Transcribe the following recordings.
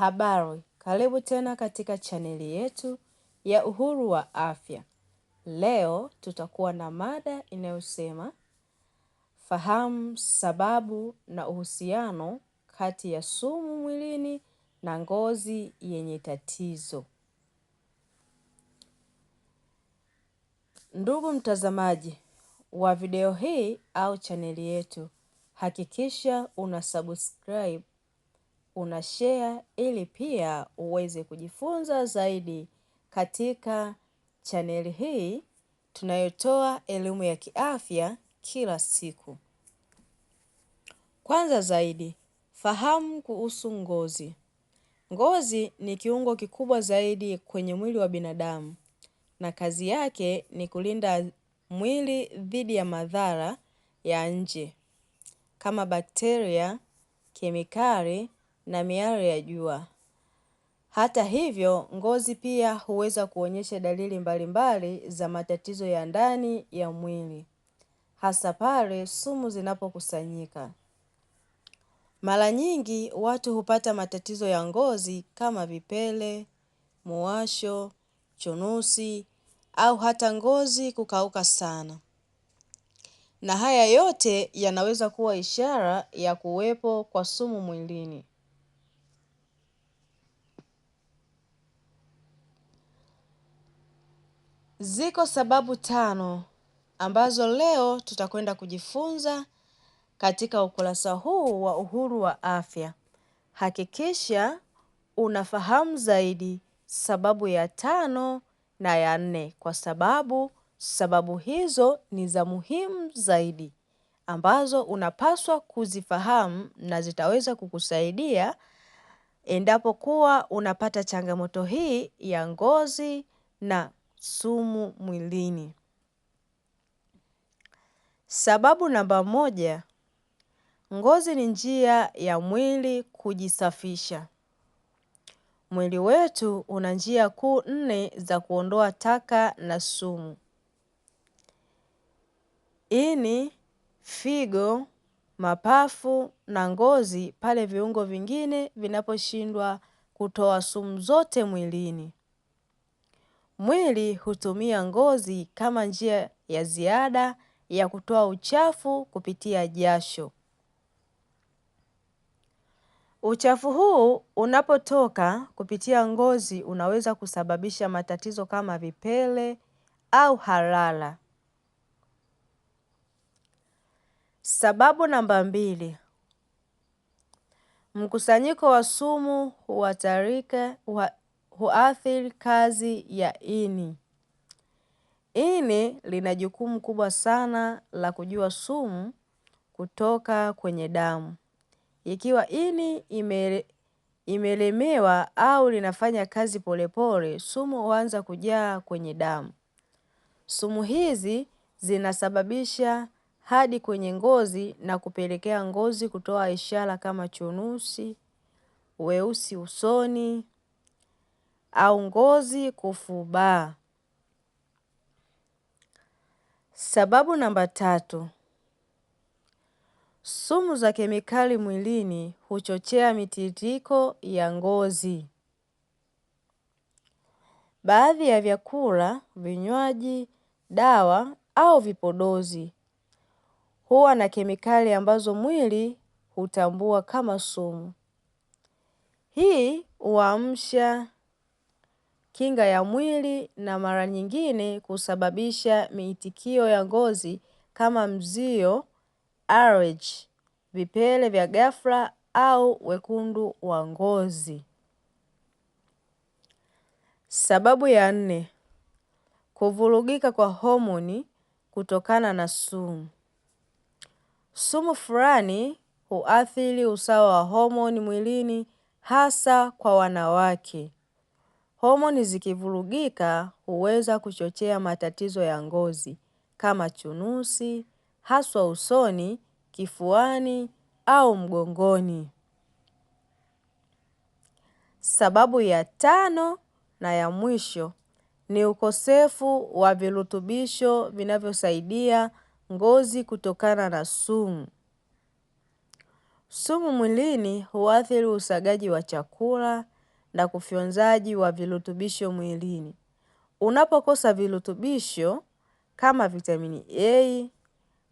Habari, karibu tena katika chaneli yetu ya Uhuru wa Afya. Leo tutakuwa na mada inayosema fahamu sababu na uhusiano kati ya sumu mwilini na ngozi yenye tatizo. Ndugu mtazamaji wa video hii au chaneli yetu, hakikisha una subscribe una share ili pia uweze kujifunza zaidi katika chaneli hii tunayotoa elimu ya kiafya kila siku. Kwanza zaidi, fahamu kuhusu ngozi. Ngozi ni kiungo kikubwa zaidi kwenye mwili wa binadamu na kazi yake ni kulinda mwili dhidi ya madhara ya nje kama bakteria, kemikali na miale ya jua. Hata hivyo, ngozi pia huweza kuonyesha dalili mbalimbali za matatizo ya ndani ya mwili, hasa pale sumu zinapokusanyika. Mara nyingi watu hupata matatizo ya ngozi kama vipele, muwasho, chunusi au hata ngozi kukauka sana. Na haya yote yanaweza kuwa ishara ya kuwepo kwa sumu mwilini. Ziko sababu tano ambazo leo tutakwenda kujifunza katika ukurasa huu wa Uhuru wa Afya. Hakikisha unafahamu zaidi sababu ya tano na ya nne, kwa sababu sababu hizo ni za muhimu zaidi ambazo unapaswa kuzifahamu na zitaweza kukusaidia endapo kuwa unapata changamoto hii ya ngozi na sumu mwilini. Sababu namba moja, ngozi ni njia ya mwili kujisafisha. Mwili wetu una njia kuu nne za kuondoa taka na sumu: ini, figo, mapafu na ngozi pale viungo vingine vinaposhindwa kutoa sumu zote mwilini. Mwili hutumia ngozi kama njia ya ziada ya kutoa uchafu kupitia jasho. Uchafu huu unapotoka kupitia ngozi unaweza kusababisha matatizo kama vipele au halala Sababu namba mbili, mkusanyiko wa sumu huathirika huathiri kazi ya ini. Ini lina jukumu kubwa sana la kujua sumu kutoka kwenye damu. Ikiwa ini ime, imelemewa au linafanya kazi polepole, sumu huanza kujaa kwenye damu. Sumu hizi zinasababisha hadi kwenye ngozi na kupelekea ngozi kutoa ishara kama chunusi, weusi usoni, au ngozi kufubaa. Sababu namba tatu, sumu za kemikali mwilini huchochea mitiririko ya ngozi. Baadhi ya vyakula, vinywaji, dawa au vipodozi huwa na kemikali ambazo mwili hutambua kama sumu. Hii huamsha kinga ya mwili na mara nyingine kusababisha miitikio ya ngozi kama mzio, allergy, vipele vya ghafla au wekundu wa ngozi. Sababu ya nne, kuvurugika kwa homoni kutokana na sumu. Sumu fulani huathiri usawa wa homoni mwilini hasa kwa wanawake. Homoni zikivurugika huweza kuchochea matatizo ya ngozi kama chunusi, haswa usoni, kifuani au mgongoni. Sababu ya tano na ya mwisho ni ukosefu wa virutubisho vinavyosaidia ngozi kutokana na sumu. Sumu mwilini huathiri usagaji wa chakula, na kufyonzaji wa virutubisho mwilini. Unapokosa virutubisho kama vitamini A,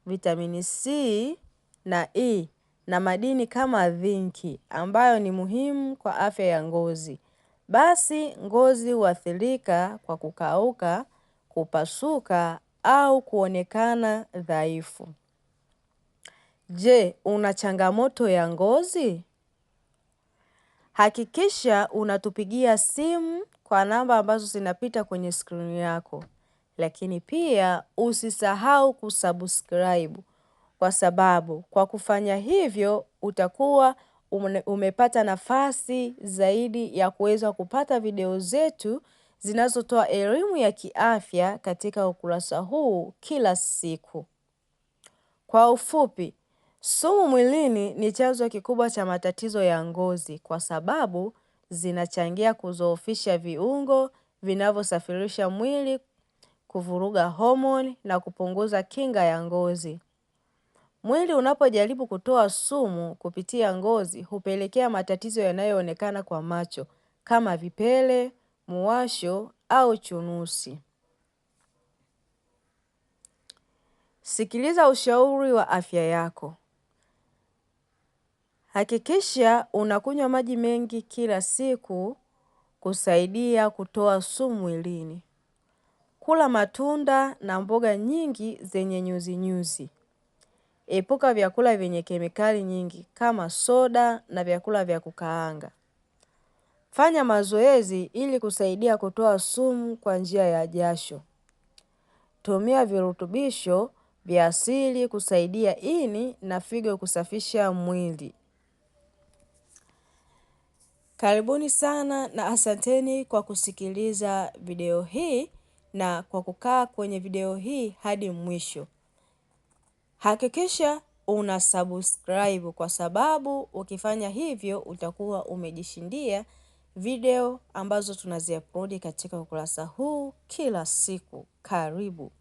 vitamini C na E na madini kama zinki ambayo ni muhimu kwa afya ya ngozi, basi ngozi huathirika kwa kukauka, kupasuka au kuonekana dhaifu. Je, una changamoto ya ngozi? Hakikisha unatupigia simu kwa namba ambazo zinapita kwenye skrini yako. Lakini pia usisahau kusubscribe kwa sababu kwa kufanya hivyo utakuwa umepata nafasi zaidi ya kuweza kupata video zetu zinazotoa elimu ya kiafya katika ukurasa huu kila siku. Kwa ufupi, Sumu mwilini ni chanzo kikubwa cha matatizo ya ngozi kwa sababu zinachangia kuzoofisha viungo vinavyosafirisha mwili, kuvuruga homoni na kupunguza kinga ya ngozi. Mwili unapojaribu kutoa sumu kupitia ngozi hupelekea matatizo yanayoonekana kwa macho kama vipele, muwasho au chunusi. Sikiliza ushauri wa afya yako. Hakikisha unakunywa maji mengi kila siku kusaidia kutoa sumu mwilini. Kula matunda na mboga nyingi zenye nyuzinyuzi. Epuka vyakula vyenye kemikali nyingi kama soda na vyakula vya kukaanga. Fanya mazoezi ili kusaidia kutoa sumu kwa njia ya jasho. Tumia virutubisho vya asili kusaidia ini na figo kusafisha mwili. Karibuni sana na asanteni kwa kusikiliza video hii na kwa kukaa kwenye video hii hadi mwisho. Hakikisha una subscribe kwa sababu ukifanya hivyo utakuwa umejishindia video ambazo tunaziupload katika ukurasa huu kila siku. Karibu.